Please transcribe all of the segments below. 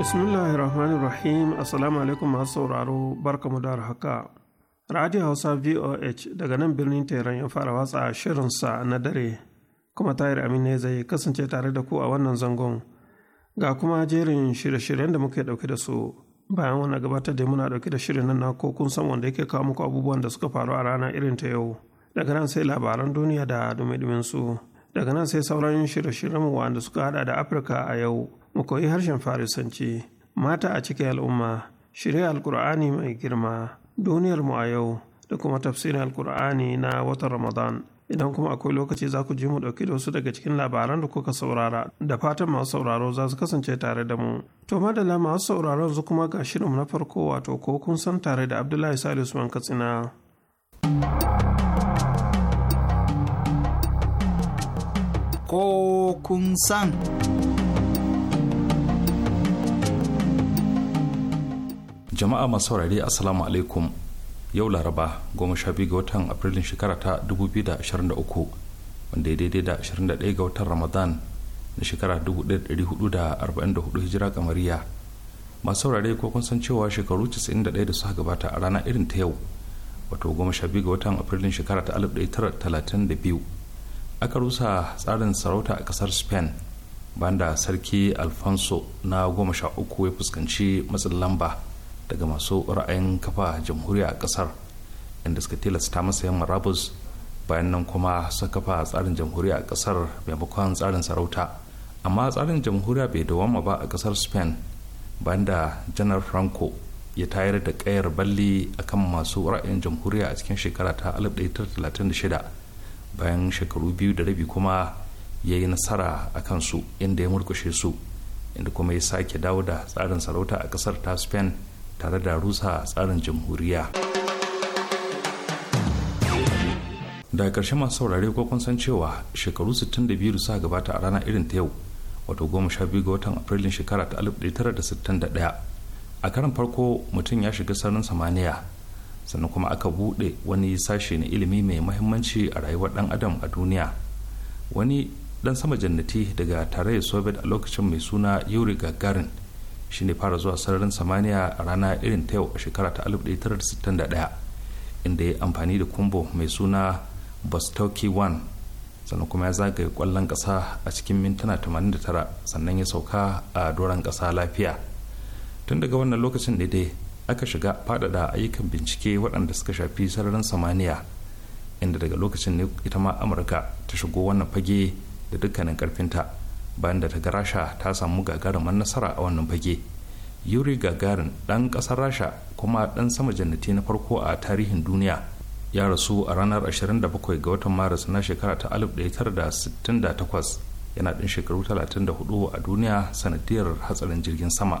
bismillahir rahmanir rahim assalamu alaikum masu sauraro barkamu da haka radio hausa voh daga nan birnin tehran ya fara watsa shirinsa na dare kuma tahir ne zai kasance tare da ku a wannan zangon ga kuma jerin shirye-shiryen da muke dauke da su bayan wani gabatar da muna dauke da shirin nan na ko kun san wanda yake kawo muku abubuwan da suka faru a rana irin ta yau daga nan sai labaran duniya da dumi su daga nan sai sauran shirye-shiryen wanda suka hada da afirka a yau mu koyi harshen farisanci mata a cikin al'umma shirya alkur'ani mai girma duniyar mu a yau da kuma tafsirin alkur'ani na watan ramadan idan kuma akwai lokaci za ku ji mu ɗauki da wasu daga cikin labaran da kuka saurara da fatan masu sauraro za su kasance tare da mu to madalla masu sauraro su kuma ga shirin na farko wato ko kun san tare da abdullahi salisu usman katsina ko kun san jama'a masu saurari assalamu alaikum yau laraba goma sha biyu ga watan afrilun shekara ta 2023 wanda ya daidai da 21 ga watan ramadan na shekara 1444 hijira kamariya masu saurari ko kun san cewa shekaru 91 da suka gabata a rana irin ta yau wato goma sha biyu ga watan afrilun shekara ta 1932 aka rusa tsarin sarauta a kasar spain banda sarki alfonso na goma sha uku ya fuskanci matsin lamba daga masu ra'ayin kafa jamhuriya a kasar inda suka tilasta masa yan marabus bayan nan kuma suka kafa tsarin jamhuriya a kasar maimakon tsarin sarauta amma tsarin jamhuriya bai dawama ba a kasar spain bayan da janar franco ya tayar da kayar balli akan masu ra'ayin jamhuriya a cikin shekara ta 1936 bayan shekaru biyu da rabi kuma ya yi nasara a kansu inda ya murkushe su inda kuma ya sake dawo da tsarin sarauta a kasar ta spain tare da rusa a tsarin jamhuriya da karshe masu saurare ko kun san cewa shekaru 62 da suka gabata a rana irin ta yau wato goma sha biyu ga watan afrilun shekara ta 1961 a karan farko mutum ya shiga sararin samaniya sannan kuma aka buɗe wani sashe na ilimi mai mahimmanci a rayuwar ɗan adam a duniya wani ɗan sama jannati daga tarayyar soviet a lokacin mai suna yuri gagarin shine fara zuwa sararin samaniya a rana irin ta yau a shekara ta 1961 inda ya amfani da kumbo mai suna bostoki 1 sannan kuma ya zagaye kwallon ƙasa a cikin mintuna 89 sannan ya sauka a doron ƙasa lafiya tun daga wannan lokacin da dai aka shiga faɗaɗa ayyukan bincike waɗanda suka shafi sararin samaniya inda daga lokacin ne ita ma amurka ta shigo wannan fage da dukkanin ƙarfinta bayan da ta ga rasha ta samu gagarumar nasara a wannan fage yuri gagarin ɗan ƙasar rasha kuma ɗan sama jannati na farko a tarihin duniya ya rasu a ranar 27 ga watan maris na shekara ta 1968 yana ɗin shekaru 34 a duniya sanadiyar hatsarin jirgin sama.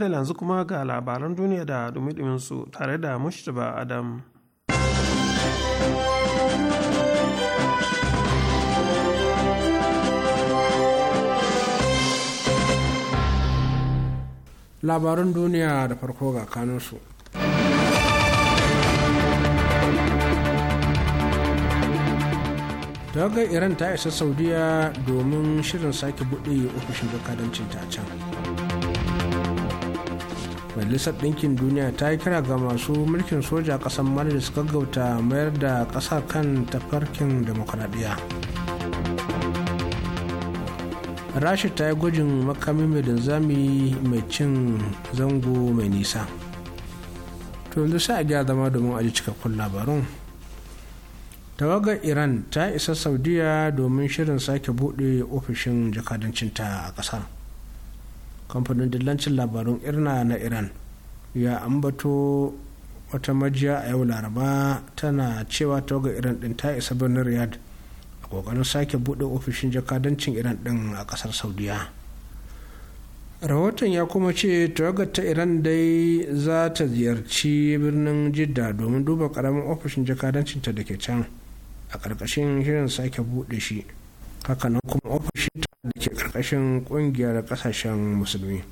da yanzu kuma ga labaran duniya da dumi su tare da mushtaba adam labaran duniya da farko ga kanunsu tawagar iran ta isa saudiya domin shirin sake buɗe ofishin jakadancinta ta can majalisar ɗinkin duniya ta yi kira ga masu mulkin soja ƙasar mali da suka gauta mayar da ƙasa kan tafarkin demokuraɗiyya rashi ta yi gwajin makami mai dinzami mai cin zango mai nisa to yanzu sai a gyara zama domin aji cikakkun labarun tawagar iran ta isa saudiya domin shirin sake buɗe ofishin jakadancinta a ƙasar kamfanin dillancin labarun irna na iran ya ambato wata majiya a yau laraba tana cewa tawagar iran din ta isa birnin riyadh a kokarin sake buɗe ofishin jakadancin iran din a ƙasar saudiya rahoton ya kuma ce tawagar ta iran dai za ta ziyarci birnin jidda domin duba karamin ofishin jakadancinta da ke can a ƙarƙashin shirin sake buɗe shi hakanan kuma ofishin ta da ke karkashin kungiyar kasashen musulmi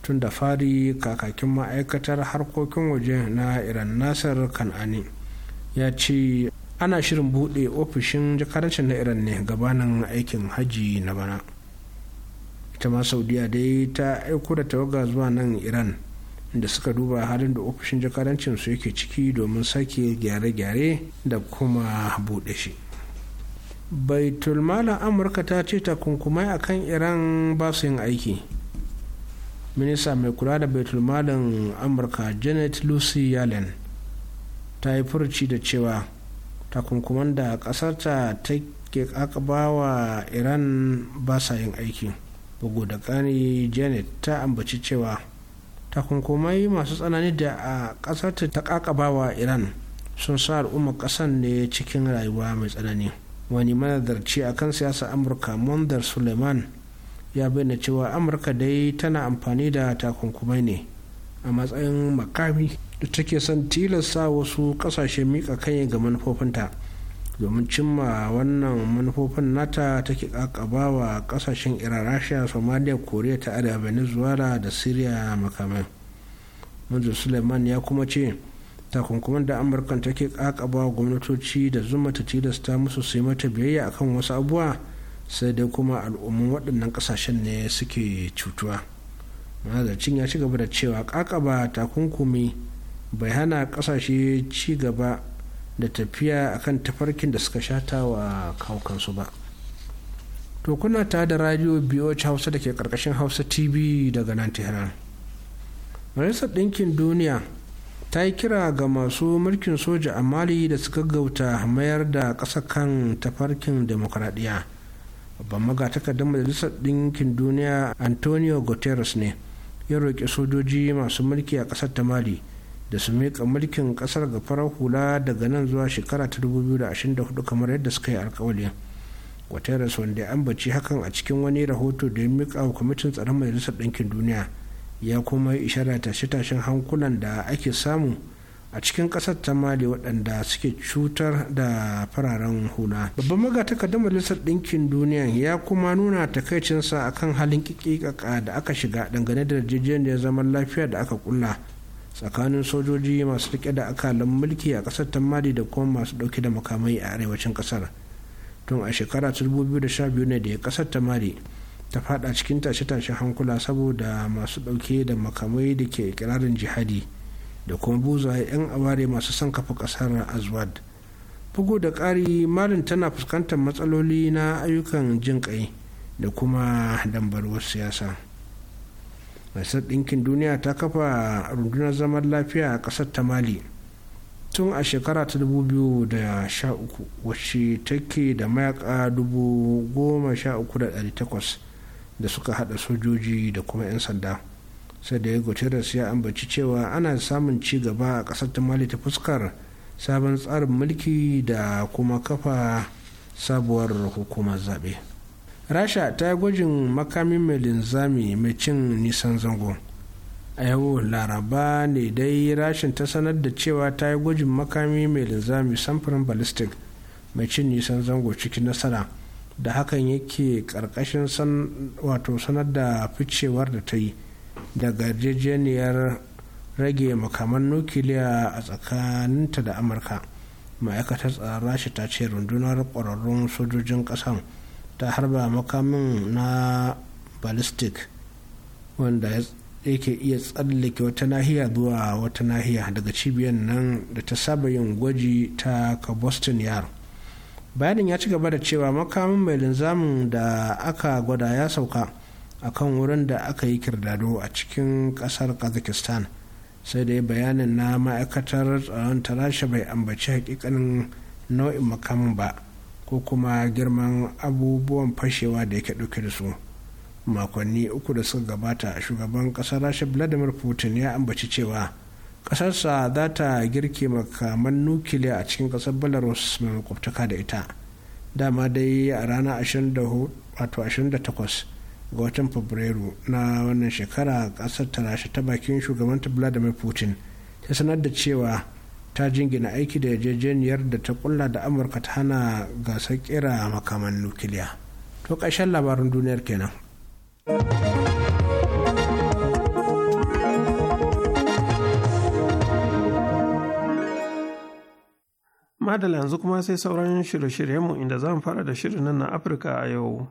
tun da fari kakakin ma'aikatar harkokin waje na iran nasar kan'ani ya ce ana shirin buɗe ofishin jakarancin na iran ne gabanin aikin hajji na bana ita ma saudiya dai ta aiko da tawaga zuwa nan iran da suka duba halin da ofishin jakadancin su yake ciki domin sake gyare-gyare da kuma buɗe shi malan amurka ta ce takunkumai a kan iran ba su yin aiki minista mai kula da baitulmalin amurka janet lucy yalen ta yi furci da cewa takunkuman da ƙasarta ta ke akabawa iran ba sa yin aiki bugu da kani janet ta ambaci cewa takunkumai masu tsanani da a ƙasarta ta ƙaƙabawa iran sun sa al'ummar kasan ne cikin rayuwa mai tsanani. wani manadarci a kan siyasa amurka mondar suleiman ya bayyana cewa amurka dai tana amfani da takunkumai ne a matsayin makami da take son tilasta wasu kasashe mika yi ga manufofinta domin cimma wannan manufofin nata take kakaba wa kasashen iran rasha somalia korea ta arewa venezuela da syria makamai manzo suleiman ya kuma ce takunkuman da amurka take kakaba gwamnatoci da zuma ta tilasta musu suyi mata biyayya akan wasu abuwa sai dai kuma al'umman waɗannan ƙasashen ne suke cutuwa mazarcin ya ci gaba da cewa kakaba takunkumi bai hana ƙasashe ci gaba da tafiya akan tafarkin da suka shata wa kawukansu ba to kuna ta da radio biyoci hausa da ke karkashin hausa tv daga nan tehran majalisar ɗinkin duniya ta yi kira ga masu mulkin soja a mali da suka gauta mayar da ƙasa kan tafarkin demokradiyya babban magatakardar majalisar ɗinkin duniya antonio guterres ne ya roƙi sojoji masu mulki a ƙasar ta mali da su mika mulkin ƙasar ga farar hula daga nan zuwa shekara ta 2024 kamar yadda suka yi alkawali guterres wanda ya ambaci hakan a cikin wani rahoto da ya miƙa wa kwamitin tsaron majalisar ɗinkin duniya ya kuma yi ishara tashe-tashen hankulan da ake samu a cikin ƙasar ta mali waɗanda suke cutar da fararen hula babban da majalisar ɗinkin duniya ya kuma nuna takaicinsa a kan halin ƙiƙiƙaƙa da aka shiga dangane da yarjejeniyar zaman lafiya da aka kulla tsakanin sojoji masu riƙe da akalan mulki a kasar ta mali da kuma masu ɗauke da makamai a arewacin ƙasar tun a shekara 2012 ne da ƙasar ta mali ta fada cikin tashe-tashe hankula saboda masu dauke da makamai da ke kirarin jihadi da kuma buza 'yan aware masu son kafa kasar azwad bugu da ƙari malin tana fuskantar matsaloli na ayyukan jin kai da kuma dambarwar siyasa masar ɗinkin duniya ta kafa rundunar zaman lafiya a ƙasar ta mali tun a shekara ta uku wacce take da mayaka takwas. da suka hada sojoji da kuma 'yan sanda sai da ya guterres ya ambaci cewa ana samun ci gaba a kasar ta mali ta fuskar sabon tsarin mulki da kuma kafa sabuwar hukumar zaɓe rasha ta yi gwajin makami mai linzami mai cin nisan zango a yau laraba ne dai rashin ta sanar da cewa ta yi gwajin makami mai linzami samfurin ballistic mai cin nisan zango cikin nasara da hakan yake karkashin wato sanar da ficewar da ta yi da yarjejeniyar rage makaman nukiliya a tsakaninta da amurka ma'aikatar tsara shi ta ce rundunar kwararrun sojojin kasan ta harba makamin na ballistic wanda yake iya tsallake wata nahiya zuwa wata nahiya daga cibiyar nan da ta saba yin gwaji ta ka boston yaro bayanin ya ci gaba da cewa makamin mai linzamin da aka gwada ya sauka a kan wurin da aka yi kirdado a cikin kasar kazakistan sai dai bayanin na ma'aikatar tsaron tarasha bai ambaci hakikanin nau'in makamin ba ko kuma girman abubuwan fashewa da yake ɗauke da su makonni uku da suka gabata shugaban kasar rasha vladimir putin ya ambaci cewa kasarsa za ta girke makaman nukiliya a cikin kasar belarus mai makwabtaka da ita dama dai a ranar 28 ga watan fabrairu na wannan shekara kasar ta rasha ta bakin shugabanta vladimir putin ta sanar da cewa ta jingina aiki da yarjejeniyar da ta kulla da amurka ta hana gasar kira makaman nukiliya to ƙarshen labarin duniyar kenan. madala yanzu kuma sai sauran shirye-shiryenmu inda za mu fara da shirin nan na afirka a yau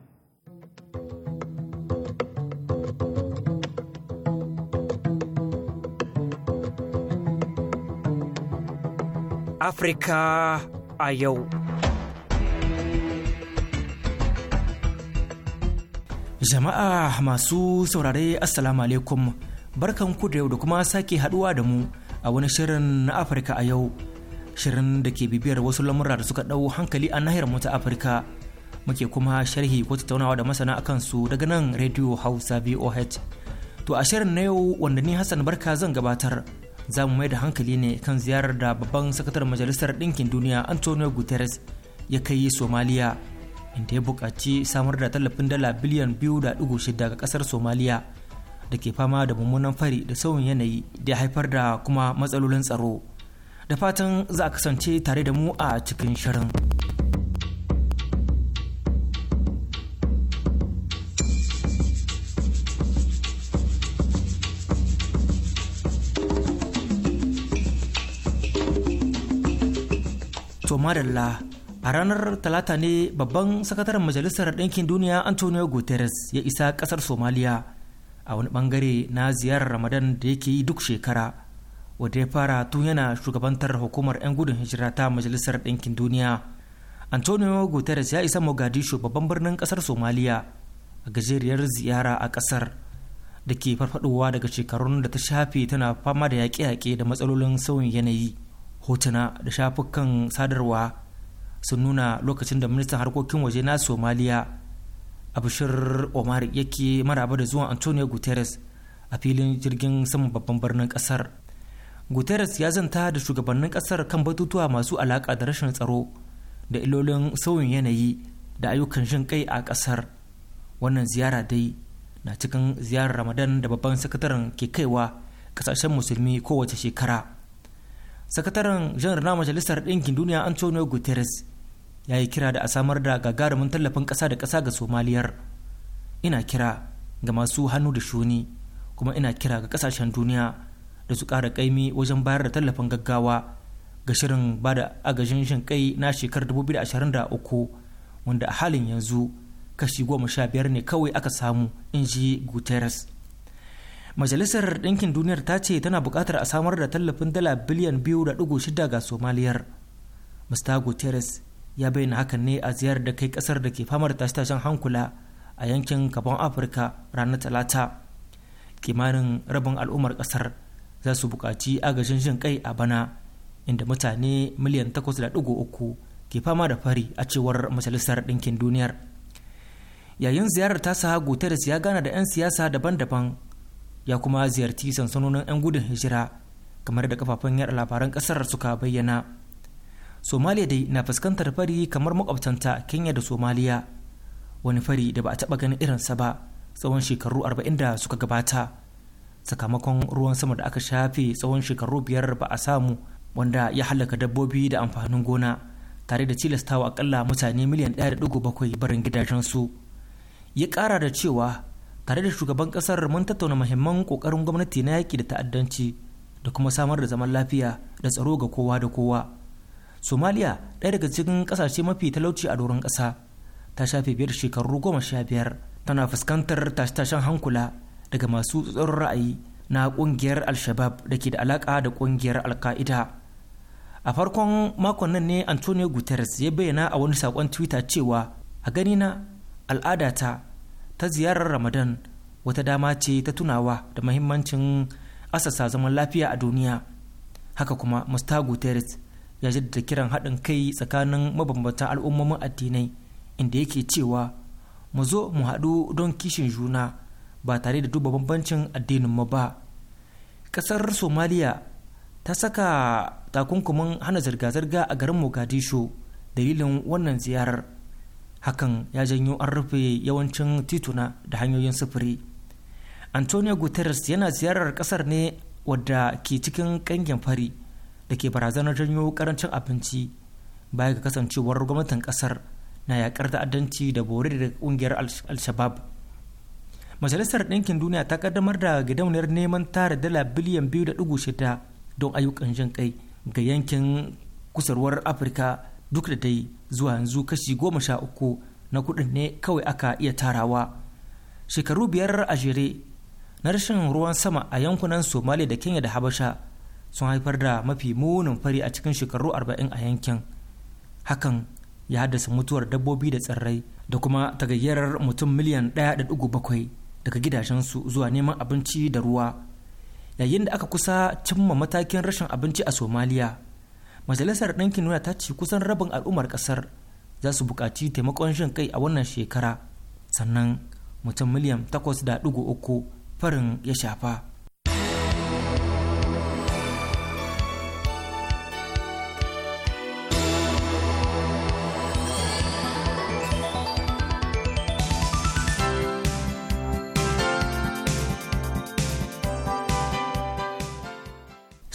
afirka a yau jama'a masu saurare assalamu alaikum barkan ku da yau da kuma sake haduwa da mu a wani shirin na afirka a yau shirin da ke bibiyar wasu lamura da suka ɗau hankali a nahiyar mu ta Afirka. Muke kuma sharhi ko tattaunawa da masana a su daga nan Radio Hausa VOH. To a shirin na yau wanda ni Hassan Barka zan gabatar za mu mai da hankali ne kan ziyarar da babban sakatar majalisar ɗinkin duniya Antonio Guterres ya kai Somaliya inda ya buƙaci samar da tallafin dala biliyan biyu da ɗigo shida ga ƙasar Somaliya da ke fama da mummunan fari da sauyin yanayi da haifar da kuma matsalolin tsaro. da fatan za a kasance tare da mu a cikin shirin. To madalla a ranar talata ne babban sakataren majalisar ɗinkin duniya antonio guterres ya isa ƙasar somaliya a wani ɓangare na ziyarar ramadan da yake yi duk shekara wanda ya fara tun yana shugabantar hukumar 'yan gudun hijira ta majalisar ɗinkin duniya antonio guterres ya isa mogadishu babban birnin ƙasar somaliya a gajeriyar ziyara a ƙasar da ke farfadowa daga shekarun da ta shafe tana fama da yaƙe-yaƙe da matsalolin sauyin yanayi hotuna da shafukan sadarwa sun nuna lokacin da ministan harkokin waje na somaliya abishir omar yake maraba da zuwan antonio guterres a filin jirgin saman babban birnin ƙasar guterres ya zanta da shugabannin kasar kan batutuwa masu alaƙa da rashin tsaro da ilolin sauyin yanayi da ayyukan jin kai a kasar wannan ziyara dai na cikin ziyarar ramadan da babban sakataren ke kaiwa kasashen musulmi kowace shekara sakataren janar na majalisar ɗinkin duniya antonio guterres ya yi kira da a samar da gagarumin tallafin ƙasa da ƙasa ga somaliyar ina kira ga masu hannu da shuni kuma ina kira ga ƙasashen duniya da su ƙara kaimi wajen bayar da tallafin gaggawa ga shirin ba da agajin shin kai na shekarar 2023 wanda a halin yanzu kashi goma sha biyar ne kawai aka samu in ji guterres majalisar ɗinkin duniyar ta ce tana buƙatar a samar da tallafin dala biliyan biyu da ɗigo shida ga somaliyar mista guterres ya bayyana hakan ne a ziyarar da kai ƙasar da ke famar tashe-tashen hankula a yankin gabon afirka ranar talata kimanin rabin al'ummar ƙasar za su buƙaci agajin jin kai a bana inda mutane miliyan 8.3 ke fama da fari a cewar majalisar ɗinkin duniyar yayin ziyarar tasa guterres siya gana da 'yan siyasa daban-daban ya kuma ziyarci sansanonin 'yan gudun hijira kamar da kafafen yada labaran ƙasar suka bayyana somaliya dai na fuskantar fari kamar makwabtanta kenya da somaliya wani fari da ba a taɓa ganin irinsa ba tsawon shekaru 40 da suka gabata sakamakon ruwan sama da aka shafe tsawon shekaru biyar ba a samu wanda ya halaka dabbobi da amfanin gona tare da tilastawa akalla mutane miliyan 1.7 barin gidajensu ya kara da cewa tare da shugaban ƙasar mun tattauna muhimman kokarin gwamnati na yaki da ta'addanci da kuma samar da zaman lafiya da tsaro ga kowa da kowa somaliya ɗaya daga cikin ƙasashe mafi talauci a doron ƙasa ta shafe biyar shekaru goma sha biyar tana fuskantar tashe-tashen hankula daga masu tsoron ra'ayi na kungiyar al-shabab da ke da alaka da kungiyar al-qaida a farkon makon nan ne antonio guterres ya bayyana a wani sakon twitter cewa a ganina al'adata ta ziyarar ramadan wata dama ce ta tunawa da mahimmancin asasa zaman lafiya a duniya haka kuma musta guterres ya jaddada kiran haɗin kai tsakanin mabambantan al'ummomin addinai inda yake cewa mu zo mu haɗu don kishin juna ba tare da duba bambancin addinin mu ba ƙasar somaliya ta saka takunkumin hana zirga-zirga a garin mogadishu dalilin wannan ziyarar hakan ya janyo an rufe yawancin tituna da hanyoyin sufuri antonio guterres yana ziyarar kasar ne wadda ke cikin kangen fari da ke barazanar janyo karancin abinci baya ga kasancewar gwamnatin kasar na yakar ta'addanci da bore da ƙungiyar al-shabab majalisar ɗinkin duniya ta kaddamar da gidauniyar neman tara dala biliyan biyu da shida don ayyukan jin kai ga yankin kusurwar afirka duk da dai zuwa yanzu kashi goma sha uku na kuɗin ne kawai aka iya tarawa shekaru biyar a jere na rashin ruwan sama a yankunan somali da kenya da habasha sun haifar da mafi munin fari a cikin shekaru arba'in a yankin hakan ya haddasa mutuwar dabbobi da tsirrai da kuma tagayyarar mutum miliyan 1.7 daga gidajensu zuwa neman abinci da ruwa yayin da aka kusa cimma matakin rashin abinci a somaliya majalisar ɗinkin nuna ta ce kusan rabin al'ummar ƙasar za su buƙaci taimakon shin kai a wannan shekara sannan mutum miliyan 8.3 farin ya shafa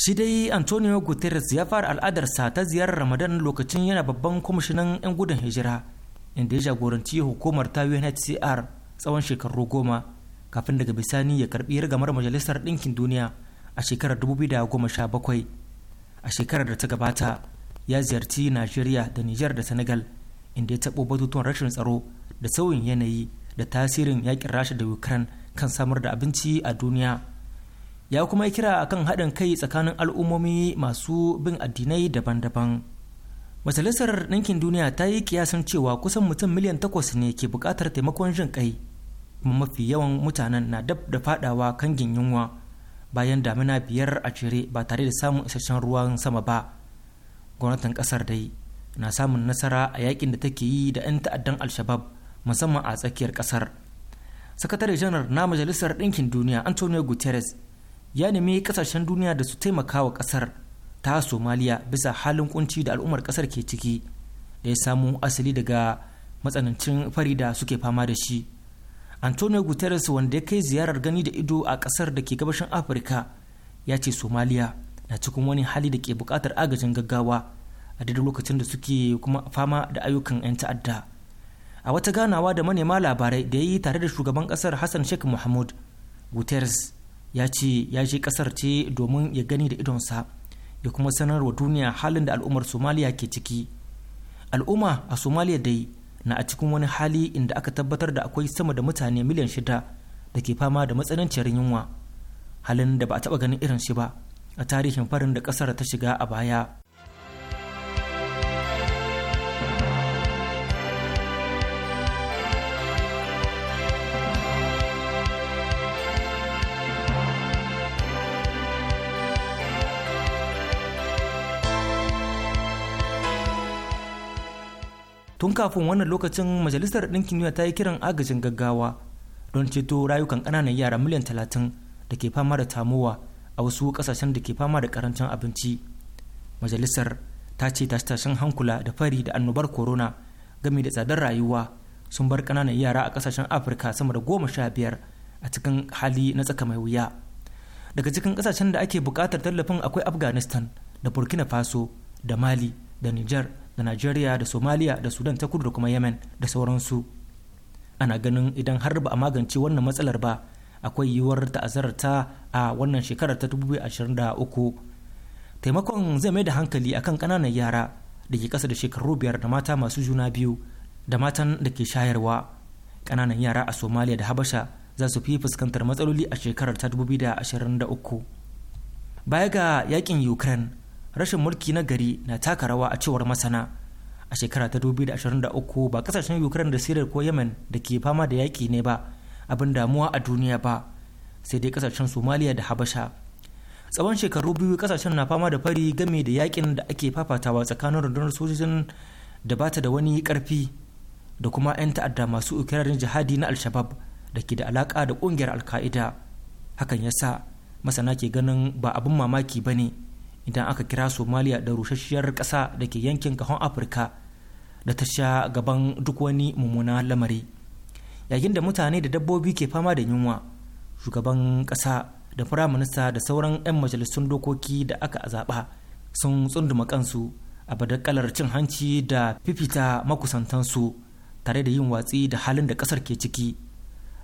shi dai antonio guterres ya fara al'adarsa ta ziyarar ramadan lokacin yana babban kwamishinan 'yan gudun hijira inda ya jagoranci hukumar ta unhcr tsawon shekaru goma kafin daga bisani ya karbi rigamar majalisar ɗinkin duniya a shekarar 2017 a shekarar da ta gabata ya ziyarci najeriya da niger da senegal inda ya tabo batutuwan rashin tsaro da sauyin yanayi da tasirin yakin rasha da ukraine kan samar da abinci a duniya ya kuma yi kira kan haɗin kai tsakanin al'ummomi masu bin addinai daban-daban majalisar ɗinkin duniya ta yi kiyasin cewa kusan mutum miliyan takwas ne ke buƙatar taimakon jin kai kuma mafi yawan mutanen na dab da faɗawa kangin yunwa bayan damina biyar a cire ba tare da samun isasshen ruwan sama ba gwamnatin ƙasar dai na samun nasara a yakin da take yi da 'yan ta'addan alshabab musamman a tsakiyar ƙasar. sakatare janar na majalisar ɗinkin duniya antonio guterres ya nemi kasashen duniya da su taimaka wa kasar ta somaliya bisa halin kunci da al'ummar kasar ke ciki da ya samu asali daga matsanancin fari da suke fama da shi antonio guterres wanda ya kai ziyarar gani da ido a kasar da ke gabashin afirka ya ce somaliya na cikin wani hali da ke bukatar agajin gaggawa a daidai lokacin da suke kuma fama da ayyukan 'yan ta'adda a wata ganawa da manema labarai da ya yi tare da shugaban kasar hassan sheikh muhammad guterres ya ce ya je kasar ce domin ya gani da idonsa ya kuma sanarwa duniya halin da al'ummar somaliya ke ciki al'umma a somaliya dai na a cikin wani hali inda aka tabbatar da akwai sama da mutane miliyan shida da ke fama da matsananciyar yunwa halin da ba a taɓa ganin irin shi ba a tarihin farin da kasar ta shiga a baya tun kafin wannan lokacin majalisar ɗinkin duniya ta yi kiran agajin gaggawa don ceto rayukan ƙananan yara miliyan talatin da ke fama da tamowa a wasu ƙasashen da ke fama da ƙarancin abinci majalisar ta ce tashe-tashen hankula da fari da annobar corona game da tsadar rayuwa sun bar ƙananan yara a ƙasashen afirka sama da goma sha biyar a cikin hali na tsaka mai wuya daga cikin ƙasashen da ake buƙatar tallafin akwai afghanistan da burkina faso da mali da niger da najeriya da somaliya da sudan ta kudu da kuma yemen da sauransu ana ganin idan har ba a magance wannan matsalar ba akwai yiwuwar ta'azarar ta a wannan shekarar ta 2023 taimakon zai mai da hankali akan kananan yara da ke kasa da shekaru biyar da mata masu juna biyu da matan da ke shayarwa kananan yara a somaliya da habasha za su fi fuskantar matsaloli a shekarar ta 2023 baya ga yakin ukraine rashin mulki na gari na taka rawa a cewar masana a shekara ta uku ba kasashen ukraine da syria ko yemen da ke fama da yaƙi ne ba abin damuwa a duniya ba sai dai kasashen somaliya da habasha tsawon shekaru biyu kasashen na fama da fari game da yakin da ake fafatawa tsakanin rundunar sojojin da bata da wani karfi da kuma 'yan ta'adda masu ikirarin jihadi na alshabab da ke da alaka da kungiyar alka'ida hakan ya sa masana ke ganin ba abin mamaki ba ne idan aka kira somaliya da rusasshiyar ƙasa da ke yankin kahon afirka da ta sha gaban duk wani mummuna lamari yayin da mutane da dabbobi ke fama da yunwa shugaban ƙasa da firaminista da sauran 'yan majalisun dokoki da aka zaɓa sun tsunduma kansu a badakalar cin hanci da fifita makusantansu tare da yin watsi da halin da ƙasar ke ciki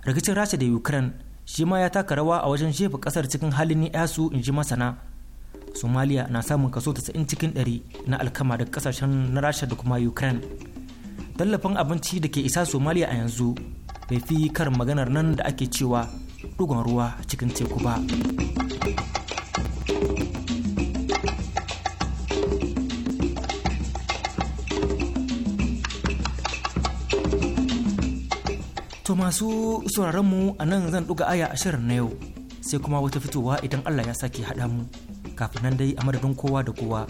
rikicin rasha da ukraine shi ma ya taka rawa a wajen jefa ƙasar cikin halin yasu in ji masana somaliya na samun kaso 90 cikin 100 na alkama da kasashen na rasha da kuma ukraine tallafin abinci da ke isa somaliya a yanzu bai fi karin maganar nan da ake cewa dugon ruwa cikin teku ba to masu sauraron mu a nan zan ɗuga aya ashirin na yau sai kuma wata fitowa idan allah ya sake haɗa mu kafin nan dai a madadin kowa da kowa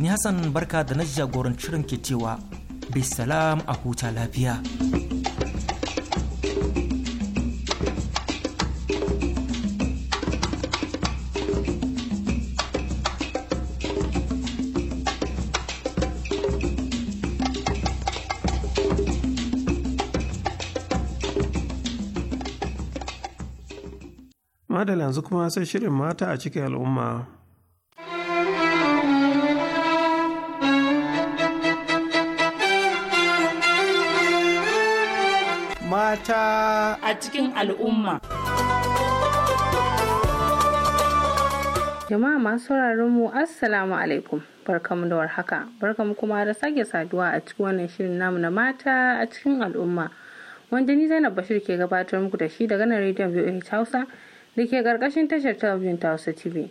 ni hassan barka da na jagoranci shirin ke cewa bisalam a huta lafiya Madalla yanzu kuma sai shirin mata a cikin al'umma. mata a cikin al'umma. Jama'a masu sauraron mu Assalamu alaikum. Barkamu da warhaka. Barkamu kuma da sake saduwa a cikin wannan shirin namu na mata a cikin al'umma. Wanda ni Zainab Bashir ke gabatar muku da shi daga nan rediyon VOH Hausa da ke karkashin tashar talabijin ta Hausa TV.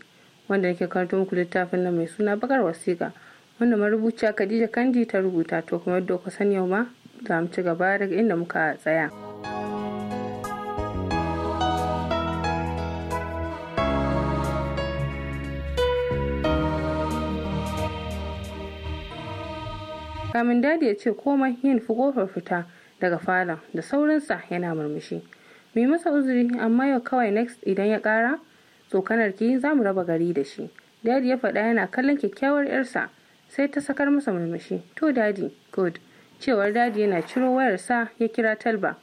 Wanda ke karanto muku littafin nan mai suna bakar wasiƙa. Wanda marubuciya Khadija Kandi ta rubuta to kuma yadda ku sani yau ma za mu ci gaba daga inda muka tsaya. kamin dadi ya ce komai yin fukofar fita daga falon da saurinsa yana murmushi mai masa uzuri amma yau kawai next idan ya kara tsokanar ki za mu raba gari da shi dadi ya faɗa yana kallon kyakkyawar yarsa sai ta sakar masa murmushi to dadi good cewar dadi yana ciro wayarsa ya kira talba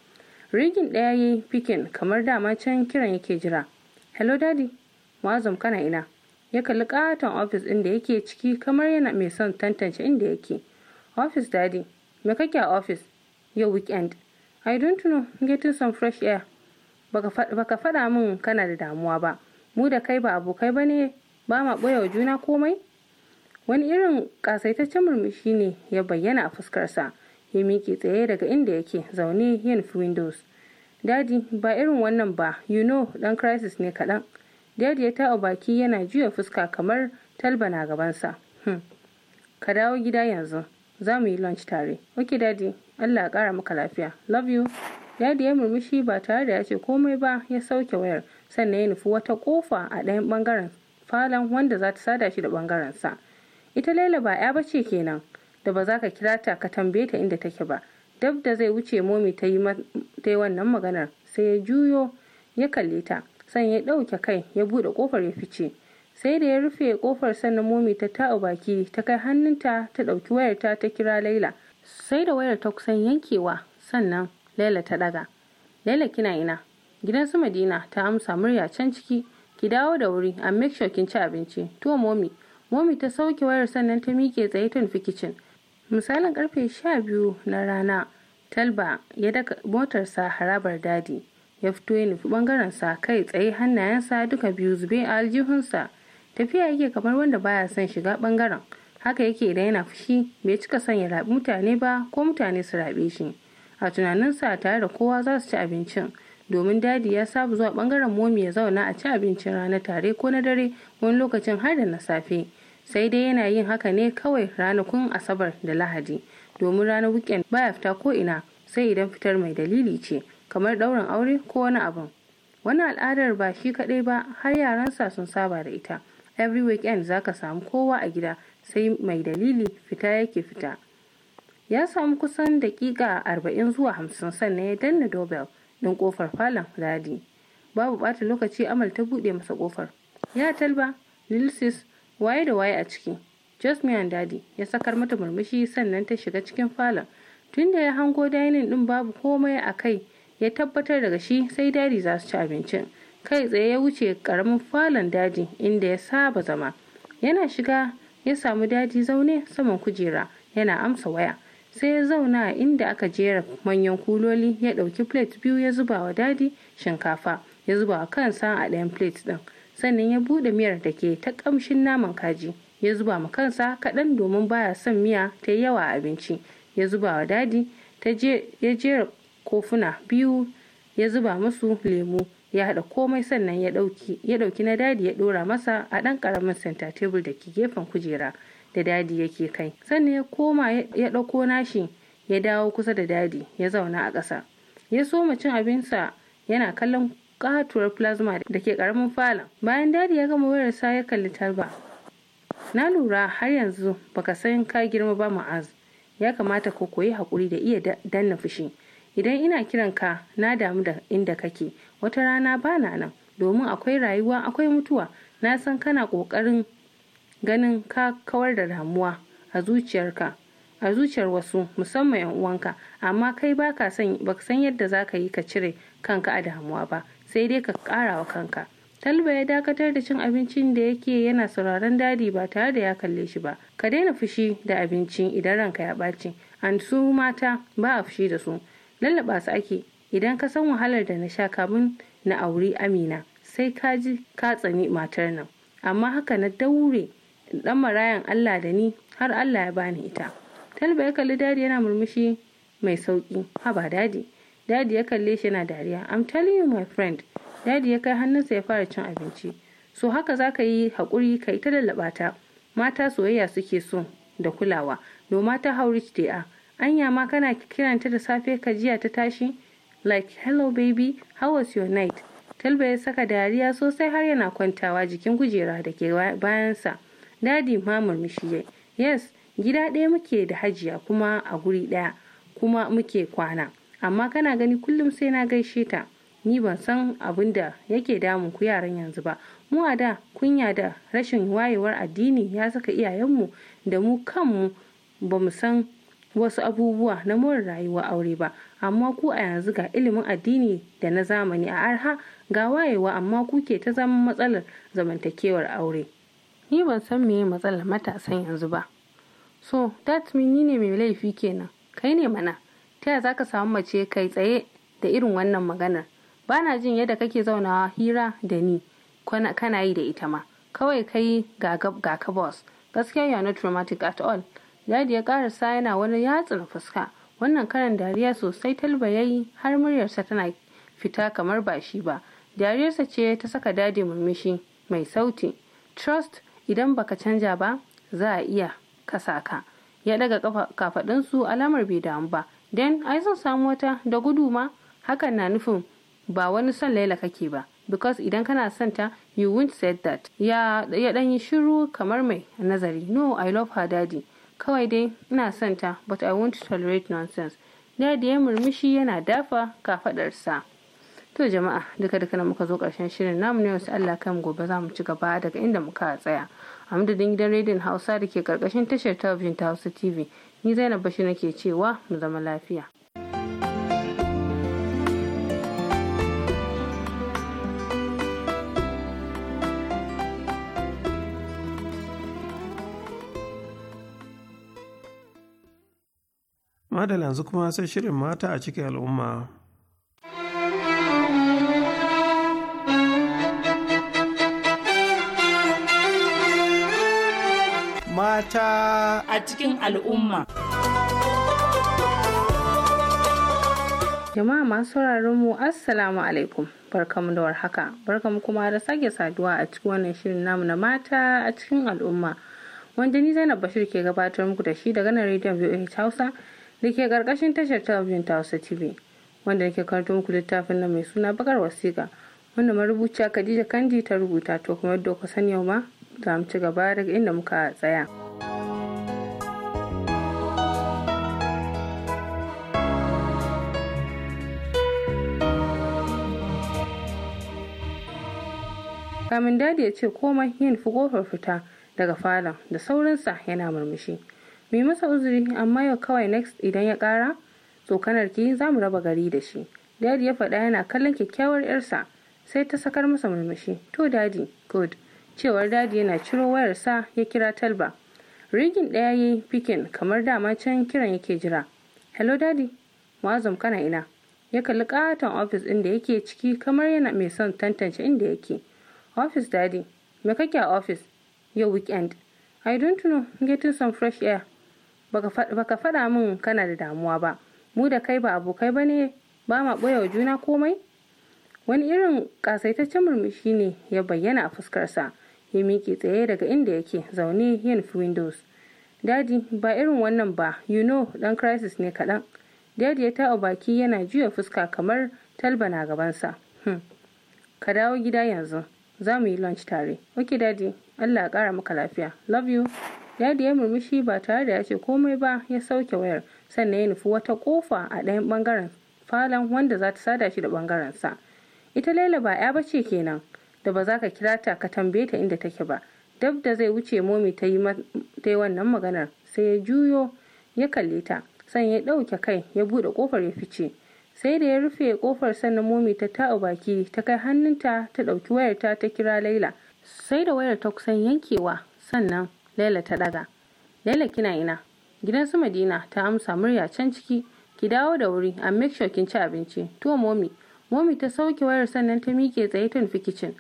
rigin ɗaya ya yi fikin kamar dama can kiran yake jira hello daddy mu'azzam kana ina ya kalli katon ofis ɗin da yake ciki kamar yana mai son tantance inda yake ofis daddy me kake a ofis yau weekend i don't know getting some fresh air baka faɗa min kana da damuwa ba mu da kai ba abokai ba ne ba ma ɓoya juna komai wani irin ƙasaitaccen murmushi ne ya bayyana a fuskarsa ya miƙe tsaye daga inda yake zaune ya nufi windows dadi ba irin wannan ba you know dan crisis ne kaɗan dadi ya taɓa baki yana juya fuska kamar talba na gabansa hmm. ka dawo gida yanzu za mu yi lunch tare ok dadi allah ya ƙara maka lafiya love you dadi ya murmushi ba tare da ya ce komai ba ya sauke wayar sannan ya nufi wata kofa a ɗayan bangaren falon wanda za ta sada shi da ɓangarensa. sa ita laila ba ya bace kenan da ba za ka kira ta ka tambaye ta inda take ba dab da zai wuce momi ta yi wannan maganar sai ya juyo ya kalle ta san ya ɗauke kai ya buɗe ƙofar ya fice sai da ya rufe ƙofar sannan momi ta ta'a baki ta kai hannunta ta ɗauki wayar ta ta kira laila sai da wayar ta kusan yankewa sannan laila ta ɗaga laila kina ina gidan su madina ta amsa murya can ciki ki dawo da wuri a make sure kin ci abinci to momi momi ta sauke wayar sannan ta miƙe tsaye ta nufi kicin misalin karfe 12 na rana talba ya daga motarsa harabar dadi ya fito ya nufi bangarensa kai tsaye hannayensa duka biyu zube a aljihunsa tafiya yake kamar wanda baya son shiga bangaren haka yake idan yana fushi bai cika son ya rabi mutane ba ko mutane su rabe shi a tunaninsa tare da kowa za su ci abincin domin dadi ya saba zuwa bangaren momi ya zauna a ci abincin rana tare ko na dare wani lokacin har da na safe sai dai yana yin haka ne kawai ranakun asabar da lahadi domin ranar weekend baya fita ko ina sai idan fitar mai dalili ce kamar ɗaurin aure ko wani abun wani al'adar ba shi kadai ba har yaransa sun saba da ita every weekend zaka samu kowa a gida sai mai dalili fita yake fita ya samu kusan daƙiƙa arba'in zuwa hamsin sannan ya danna dobel ɗin kofar falon ladi babu ɓata lokaci amal ta buɗe masa kofar ya talba lilsis waye da waye a ciki just me and daddy ya sakar mata murmushi sannan ta shiga cikin falon tunda ya hango dainin din babu komai a kai ya tabbatar daga shi sai dadi za su ci abincin kai tsaye ya wuce karamin falon daddy inda ya saba zama yana shiga ya samu dadi zaune saman kujera yana amsa waya sai ya zauna inda aka jera manyan kuloli ya ɗauki plate biyu ya zuba wa dadi shinkafa ya zuba wa kansa a ɗayan plate ɗin sannan ya bude miyar da ke ta kamshin naman kaji ya zuba ma kansa kaɗan domin baya son miya ta yawa a abinci ya zuba wa dadi ya jera kofuna biyu ya zuba masu lemu ya haɗa komai sannan ya ɗauki na dadi ya ɗora masa a ɗan ƙaramin senta tebur da ke gefen kujera da dadi yake kai sannan ya koma ya ɗauko nashi ya dawo kusa da dadi ya zauna a ƙasa ya soma cin abinsa yana kallon katuwar plasma da ke karamin falon bayan dadi ya gama wayarsa ya kalli talba na lura har yanzu baka san ka girma ba ma'az ya kamata ka koyi hakuri da iya danna fushi idan ina kiran ka na damu da inda kake wata rana bana nan domin akwai rayuwa akwai mutuwa na san kana kokarin ganin ka kawar da damuwa a zuciyarka a zuciyar wasu musamman yan uwanka amma kai baka san baka san yadda zaka yi ka cire kanka a damuwa ba sai dai ka ƙara wa kanka talba ya dakatar da cin abincin da yake yana sauraron dadi ba tare da ya kalle shi ba ka daina fushi da abincin idan ranka ya ɓaci an su mata ba a fushi da su lallaba su ake idan ka san wahalar da na sha kamun na auri amina sai ka ji ka tsani matar nan amma haka na daure dan marayan allah da ni har allah ya bani ita talba ya kalli dadi yana murmushi mai sauki haba dadi dadi ya kalle shi yana dariya i'm telling you my friend Daddy ya kai hannunsa ya fara cin abinci so haka za ka yi haƙuri ka yi ta lallaɓa mata soyayya suke so da kulawa no mata how rich they are anya ma kana kiranta da safe ka jiya ta tashi like hello baby how was your night talba ya saka dariya sosai har yana kwantawa jikin gujera da ke bayansa dadi ma murmushi ya yes gida ɗaya muke da hajiya kuma a guri ɗaya kuma muke kwana amma kana gani kullum sai na gaishe ta ni ban san abin da yake damun ku yaran yanzu ba mu a da kunya da rashin wayewar addini ya saka iyayenmu da mu kanmu ba mu san wasu abubuwa na more rayuwa aure ba amma ku a yanzu ga ilimin addini da na zamani a arha ga wayewa amma ku ke ta zama matsalar zamantakewar aure ni ban san meye matsalar matasan yanzu ba so that mean ni ne mai laifi kenan kai ne mana ta za ka samu mace kai tsaye da irin wannan maganar Ba na jin yadda kake zaunawa hira da ni kana yi da ita ma kawai kai ga ka boss gaskiya you not traumatic at all dadi ya karasa yana wani yatsar fuska wannan karan dariya sosai talba yayi har muryarsa tana fita kamar ba shi ba dariyarsa ce ta saka dadi murmushi mai sauti trust idan baka canja ba za a iya kasa ka ya daga kafadunsu alamar bai damu ba den ai zan samu wata da gudu ma hakan na nufin ba wani son laila kake ba because idan kana son ta you won't said that ya dan yi shiru kamar mai nazari no i love her daddy kawai dai ina son ta but i won't tolerate nonsense daddy ya murmushi yana dafa kafadarsa to jama'a duka duka na muka zo karshen shirin namu ne wasu Allah kan gobe za mu ci gaba daga inda muka tsaya a madadin gidan rediyon hausa da ke karkashin tashar talabijin ta hausa tv ni zainab bashi nake cewa mu zama lafiya madalla yanzu kuma sai shirin mata a cikin al'umma mata a cikin al'umma. Jama'a masu sauraron mu Assalamu alaikum. Barkamu da warhaka. Barkamu kuma da sake saduwa a cikin wannan shirin namu na mata a cikin al'umma. Wanda ni Zainab Bashir ke gabatar muku da shi daga nan rediyon VOH Hausa da ke karkashin tashar talabijin ta Hausa TV. Wanda ke karanto muku littafin nan mai suna bakar wasiƙa. Wanda marubuciya Khadija Kandi ta rubuta to kuma yadda ku sani yau ma za mu ci gaba daga inda muka tsaya. kamin dadi ya ce komai yin fi kofar fita daga falon da saurinsa yana murmushi mai masa uzuri amma yau kawai next idan ya kara tsokanar ki za mu raba gari da shi dadi ya faɗa yana kallon kyakkyawar yarsa sai ta sakar masa murmushi to dadi good cewar dadi yana ciro wayarsa ya kira talba rigin ɗaya yi fikin kamar dama can kiran yake jira hello dadi mu'azzam kana ina ya kalli katon ofis ɗin da yake ciki kamar yana mai son tantance inda yake ofis dadi me kake a ofis yau weekend i don't know getting some fresh air baka faɗa min kana da damuwa ba mu da kai ba abokai ba ne ba ma ɓoya wa juna komai wani irin ƙasaitaccen murmushi ne ya bayyana a fuskarsa ya miƙe tsaye daga inda yake zaune ya nufi windows dadi ba irin wannan ba you know dan crisis ne kaɗan dadi ya taɓa baki yana juya fuska kamar talba na gabansa hmm. ka dawo gida yanzu za mu yi lunch tare ok dadi allah ya ƙara maka lafiya love you dadi ya murmushi ba tare da ya ce komai ba ya sauke wayar sannan ya nufi wata kofa a ɗayan ɓangaren falon wanda za ta sada shi da ɓangarensa ita laila ba ya bace kenan da ba za ka kira ta ka tambaye ta inda take ba dab da zai wuce momi ta yi wannan maganar sai ya juyo ya kalle ta san ya ɗauke kai ya buɗe kofar ya fice sai da ya rufe ƙofar sannan momi ta ta'a baki ta kai hannunta ta ɗauki wayarta ta kira laila sai da wayar ta kusan yankewa sannan laila ta ɗaga laila kina ina gidan su madina ta amsa murya can ciki ki dawo da wuri a make sure kin ci abinci to momi momi ta sauke wayar sannan ta miƙe tsaye ta nufi kicin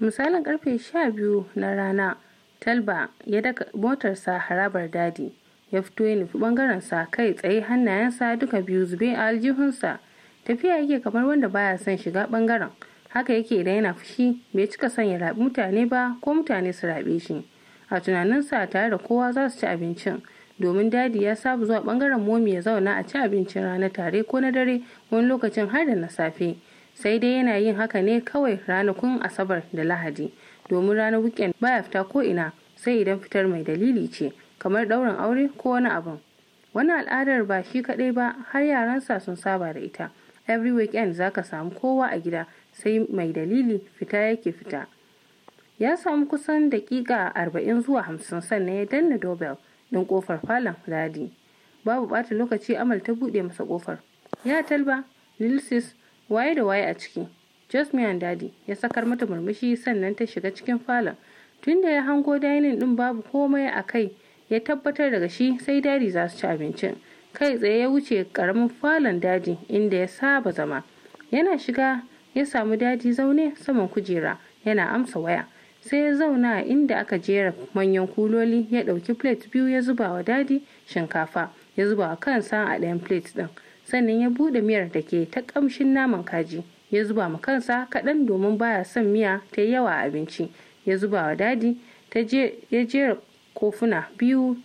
misalin karfe 12 na rana talba ya daga motarsa harabar dadi ya fito ya nufi bangarensa kai tsaye hannayensa duka biyu zube a aljihunsa tafiya yake kamar wanda baya son shiga bangaren haka yake idan yana fushi bai cika son ya rabi mutane ba ko mutane su rabe shi a tunaninsa tare da kowa za su ci abincin domin dadi ya saba zuwa bangaren momi ya zauna a ci abincin rana tare ko na dare wani lokacin har da na safe sai dai yana yin haka ne kawai ranakun asabar da lahadi domin ranar weekend baya fita ko ina sai idan fitar mai dalili ce kamar ɗaurin aure ko wani abun wani al'adar ba shi kaɗai ba har yaransa sun saba da ita every weekend ka samu kowa a gida sai mai dalili fita yake fita ya samu kusan daƙiƙa arba'in zuwa hamsin sannan ya danna dobel ɗin kofar falon ladi babu ɓata lokaci amal ta buɗe masa kofar ya talba lilsis waye da waye a ciki just me and daddy ya sakar mata murmushi sannan ta shiga cikin falon tunda ya hango dining din babu komai a kai ya tabbatar daga shi sai dadi za su ci abincin kai tsaye ya wuce karamin falon daddy inda ya saba zama yana shiga ya samu dadi zaune saman kujera yana amsa waya sai ya zauna inda aka jera manyan kuloli ya ɗauki plate biyu ya zuba wa dadi shinkafa ya zuba wa kansa a ɗayan plate ɗin sannan ya bude miyar da ke ta kamshin naman kaji ya zuba ma kansa kaɗan domin baya son miya ta yawa a abinci ya zuba wa dadi ya jera kofuna biyu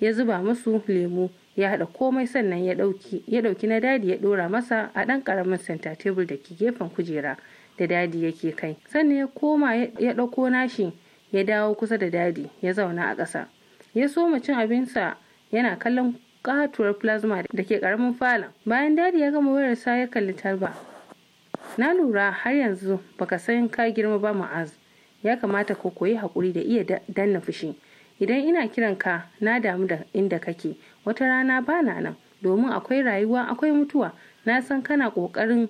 ya zuba masu lemu ya haɗa komai sannan ya ɗauki na dadi ya ɗora masa a ɗan ƙaramin senta tebur da ke gefen kujera da dadi yake kai sannan ya koma ya ɗauko nashi ya dawo kusa da dadi ya zauna a ƙasa ya soma cin abinsa yana kallon katuwar plasma da ke karamin falon bayan dadi ya gama wayarsa ya kalli talba na lura har yanzu baka san ka girma ba ma'az ya kamata ka koyi hakuri da iya danna fushi idan ina kiran ka na damu da inda kake wata rana bana nan domin akwai rayuwa akwai mutuwa na san kana kokarin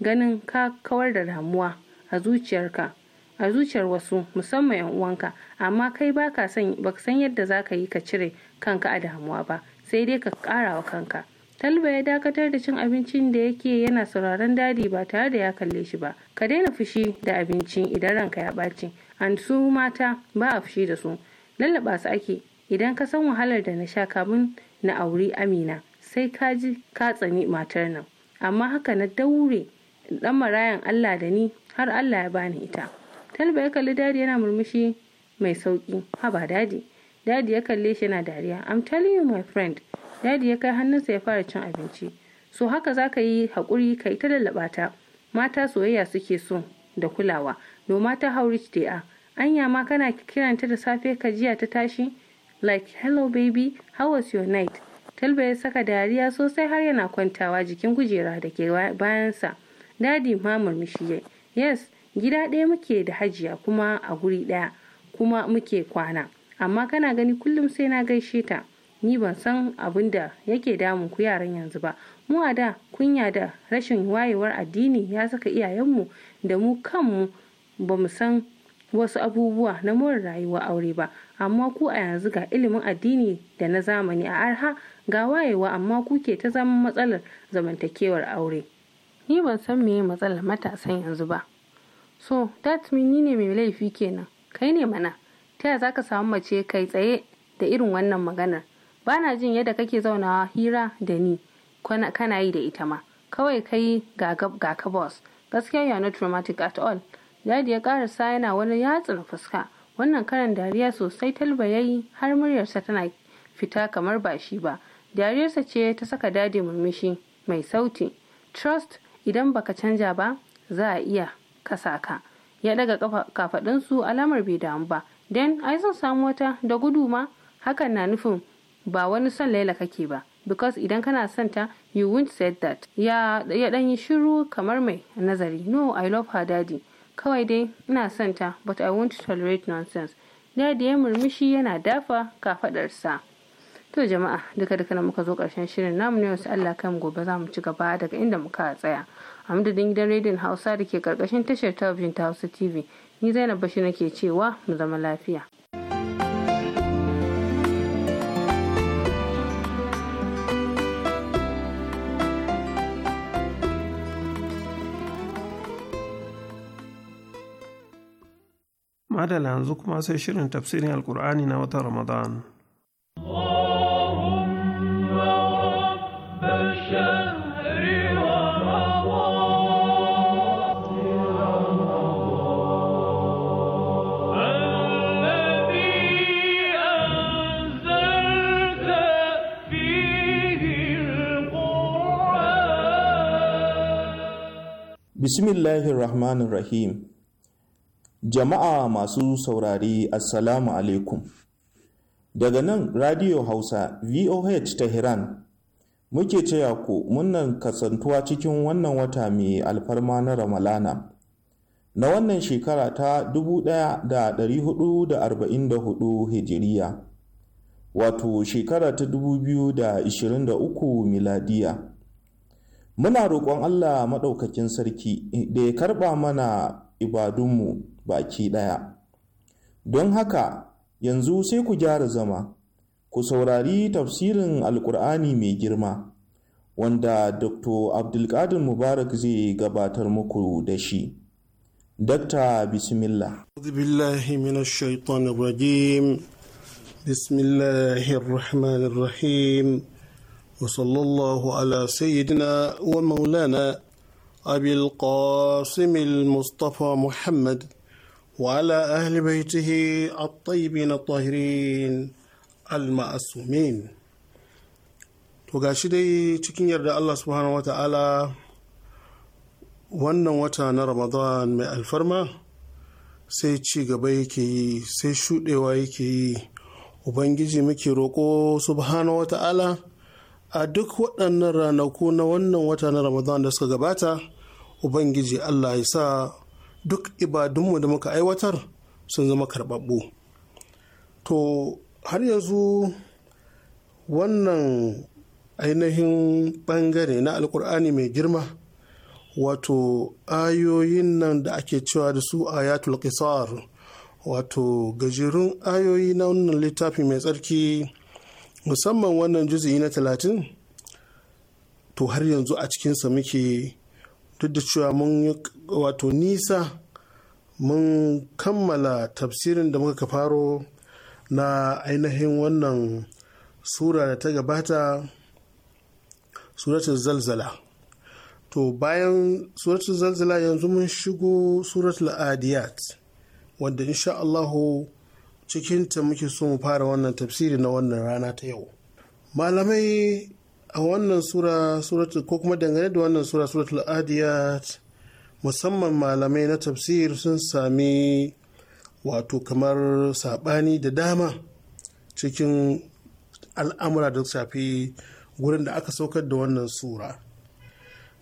ganin ka kawar da damuwa a zuciyarka a zuciyar wasu musamman yan uwanka amma kai baka san baka san yadda zaka yi ka cire kanka a damuwa ba sai dai ka ƙarawa wa kanka talba ya dakatar da cin abincin da yake yana sauraron dadi ba tare da ya kalle shi ba ka daina fushi da abinci idan ranka ya ɓaci an su mata ba a fushi da su lallaba su ake idan ka san wahalar da na sha kamun na auri amina sai ka ji ka tsani matar nan amma haka na daure dan marayan allah da ni har allah ya bani ita talba ya kalli dadi yana murmushi mai sauki haba dadi Daddy ya kalle shi yana dariya i'm telling you my friend Daddy ya kai hannunsa ya fara cin abinci so haka za ka yi haƙuri ka yi ta lallaɓa ta mata soyayya suke so da kulawa no mata how rich they are anya ma kana kiranta da safe ka jiya ta tashi like hello baby how was your night talba ya saka dariya sosai har yana kwantawa jikin gujera da ke bayansa dadi ma murmushi ya yes gida ɗaya muke da hajiya kuma a guri ɗaya kuma muke kwana amma kana gani kullum sai na gaishe ta ni ban san abin da yake damun ku yaran yanzu ba mu a da kunya da rashin wayewar addini ya saka iyayenmu da mu kanmu ba mu san wasu abubuwa na more rayuwa aure ba amma ku a yanzu ga ilimin addini da na zamani a arha ga wayewa amma ku ke ta zama matsalar zamantakewar aure ni ban san meye matsalar matasan yanzu ba so that ni ne mai laifi kenan kai ne mana ta za ka samu mace kai tsaye da irin wannan maganar Ba na jin yadda kake zaunawa hira da ni kana yi da ita ma kawai kai ga ka boss gaskiya you not romantic at all dadi ya karasa yana wani yatsar fuska wannan karan dariya sosai talba yayi har muryarsa tana fita kamar ba shi ba dariyarsa ce ta saka dadi murmushi mai sauti trust idan baka canja ba za a iya kasa ka ya daga kafadunsu alamar bai damu ba den ai zan samu wata da gudu ma hakan na nufin ba wani son laila kake ba because idan kana son ta you won't said that ya ya dan yi shiru kamar mai nazari no i love her daddy kawai dai ina son ta but i won't tolerate nonsense da ya murmushi yana dafa kafadarsa to jama'a duka duka na muka zo karshen shirin namu ne wasu allah kan gobe za mu ci gaba daga inda muka tsaya a madadin gidan rediyon hausa da ke karkashin tashar talabijin ta hausa tv ni zainab bashir nake cewa mu zama lafiya madala yanzu kuma sai shirin tafsirin alkur'ani na watan ramadan Bismillahirrahmanirrahim. Jama'a masu saurari Assalamu alaikum. Daga nan Radio Hausa VOH Tehran muke cewa ku munnan kasantuwa cikin wannan wata mai alfarma na Ramalana. Na wannan shekara ta 1444 Hijiriya, wato shekara ta 2023 miladiya. muna roƙon Allah maɗaukakin sarki eh, da ya karɓa mana ibadunmu baki ɗaya. Don haka yanzu sai ku gyara zama, ku saurari tafsirin alkur'ani mai girma, wanda Dr. Abdulkadir Mubarak zai gabatar muku da shi. dr Bismillah. Billahi rajim. وصلى الله على سيدنا ومولانا أبي القاسم المصطفى محمد وعلى أهل بيته الطيبين الطاهرين المعصومين to gashi dai cikin yarda Allah subhanahu wannan wata na ramadan mai alfarma sai ci gaba yake yi sai shudewa yake yi ubangiji muke roƙo subhanahu wa ta'ala a duk waɗannan ranaku na wannan wata na ramadan da suka gabata ubangiji allah ya sa duk ibadunmu da muka aiwatar sun zama karɓaɓɓu to har yanzu wannan ainihin ɓangare na alkur'ani mai girma wato ayoyin nan da ake cewa da su ayatul qisar wato gajerun ayoyi na wannan littafi mai tsarki musamman wannan juzuyi na talatin to har yanzu a cikinsa muke duk da cewa mun wato nisa mun kammala tafsirin da muka faro na ainihin wannan sura da ta gabata suratun zalzala to bayan suratun zalzala yanzu mun shigo suratul adiyat wanda insha'allahu. cikinta muke so mu fara wannan tafsiri na wannan rana ta yau malamai a wannan sura suratul ko kuma dangane da wannan sura suratul adiyat musamman malamai na tafsir sun sami wato kamar sabani da dama cikin al'amura da shafi gurin da aka saukar da wannan sura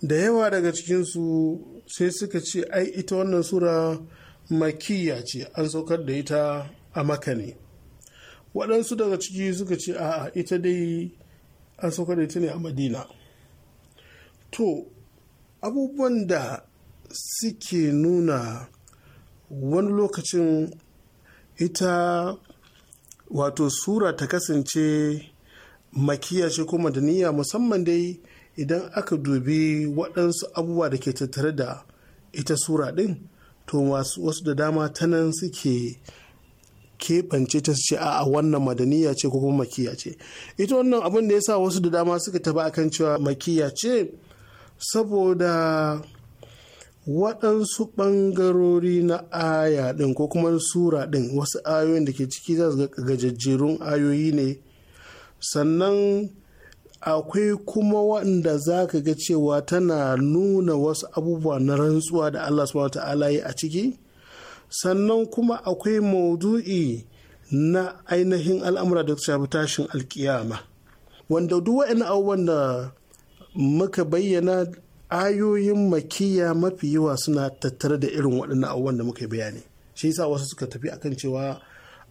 da yawa daga cikinsu sai suka ce ai ita wannan sura makiyya ce an saukar da ita a maka ne waɗansu daga ciki suka ce a ita dai an sauka da ita ne a madina to abubuwan da suke nuna wani lokacin ita wato sura ta kasance makiya ce ko madaniya musamman dai idan aka dubi waɗansu abubuwa da ke tattare da ita sura ɗin to wasu da dama ta nan suke keɓance ta ce a wannan madaniya ce ko kuma makiya ce ita wannan abin da ya sa wasu da dama suka taba akan cewa makiya ce saboda waɗansu ɓangarori na aya ɗin ko kuma sura ɗin wasu ayoyin da ke ciki za su gajajjerun ayoyi ne sannan akwai kuma waɗanda za ka ga cewa tana nuna wasu abubuwa na rantsuwa da allah subhanahu ta'ala yi a ciki sannan kuma akwai maudu'i na ainihin al'amura da shafi tashin alkiyama wanda duk wa'in abubuwan da muka bayyana ayoyin makiya mafi yawa suna tattare da irin waɗannan abubuwan da muka bayani shi yasa wasu suka tafi akan cewa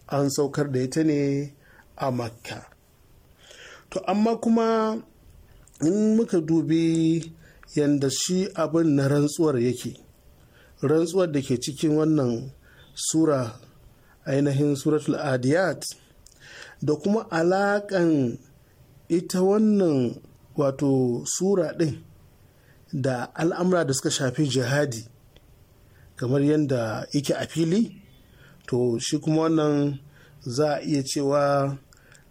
an saukar da ita ne a makka to amma kuma in muka dubi yadda shi abin na rantsuwar yake rantsuwar da ke cikin wannan sura ainihin suratul adiyat da kuma alakan ita wannan wato sura ɗin da al'amura da suka shafi jihadi kamar yadda yake a fili to shi kuma wannan za a iya cewa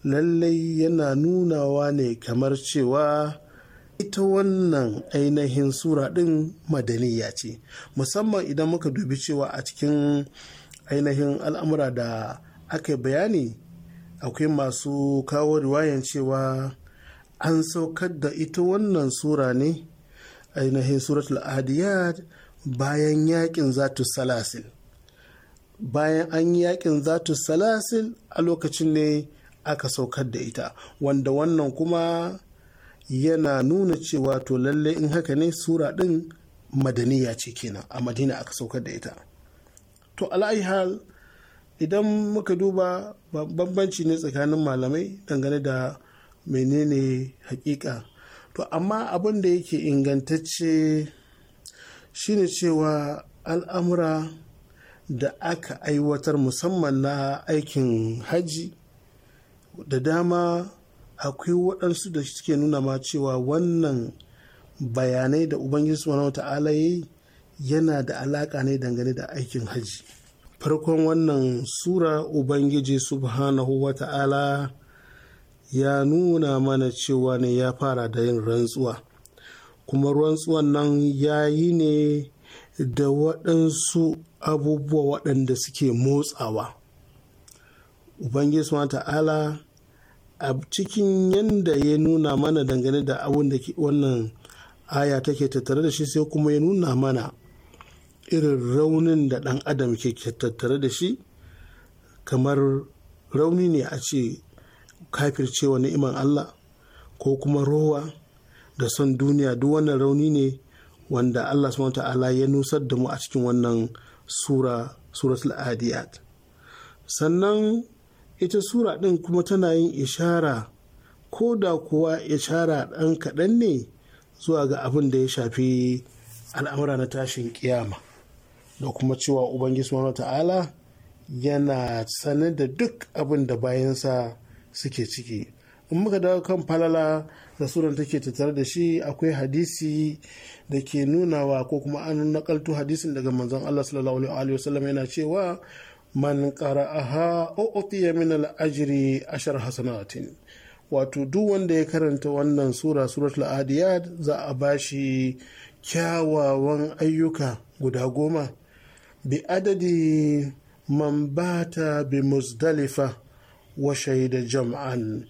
lallai yana nunawa ne kamar cewa ita wannan ainihin sura ɗin madaniya ce musamman idan muka dubi cewa a cikin ainihin al'amura da aka bayani akwai masu kawo riwayan cewa an saukar da ita wannan sura ne ainihin suratul adiyat bayan yakin zatu salasil bayan an yakin zatu salasil a lokacin ne aka saukar da ita wanda wannan kuma yana nuna cewa to lalle in haka ne sura ɗin madaniya ce kenan a madina aka saukar da ita to hal idan muka duba bambanci ne tsakanin malamai dangane da menene hakika to amma abin da yake ingantacce shine cewa al'amura da aka aiwatar musamman na aikin hajji da dama akwai waɗansu da suke nuna ma cewa wannan bayanai da ubangiji subhanahu ta'ala yi yana da alaƙa ne dangane da aikin haji? farkon wannan sura ubangiji subhanahu wa ta'ala ya nuna mana cewa ne ya fara da yin rantsuwa kuma rantsuwan nan ya yi ne da waɗansu abubuwa waɗanda suke motsawa ubangiji subhanahu ta'ala a cikin yadda ya nuna mana dangane da abin da wannan aya take tattare da shi sai kuma ya nuna mana irin raunin da ɗan adam ke tattare da shi kamar rauni ne a ce kafircewa ni'iman Allah ko kuma rowa da son duniya duk wannan rauni ne wanda Allah subhanahu ta'ala ya nusar da mu a cikin wannan sura suratul adiyat sannan ita sura ɗin kuma tana yin ishara ko da kuwa ishara ɗan kaɗan ne zuwa ga abin da ya shafi al'amura na tashin kiyama da kuma cewa ubangiji wa ta'ala yana sanar da duk abin da bayansa suke ciki in muka dawo kan falala da suran take tattare da shi akwai hadisi da ke nunawa ko kuma an nakaltu hadisin daga manzon Allah sallallahu alaihi wasallam yana cewa man qara'aha u'tiya min al-ajri ashar hasanatin wato duk wanda ya karanta wannan sura suratul adiyat za a bashi kyawawan ayyuka guda goma bi adadi man bata bi muzdalifa wa shaida jam'an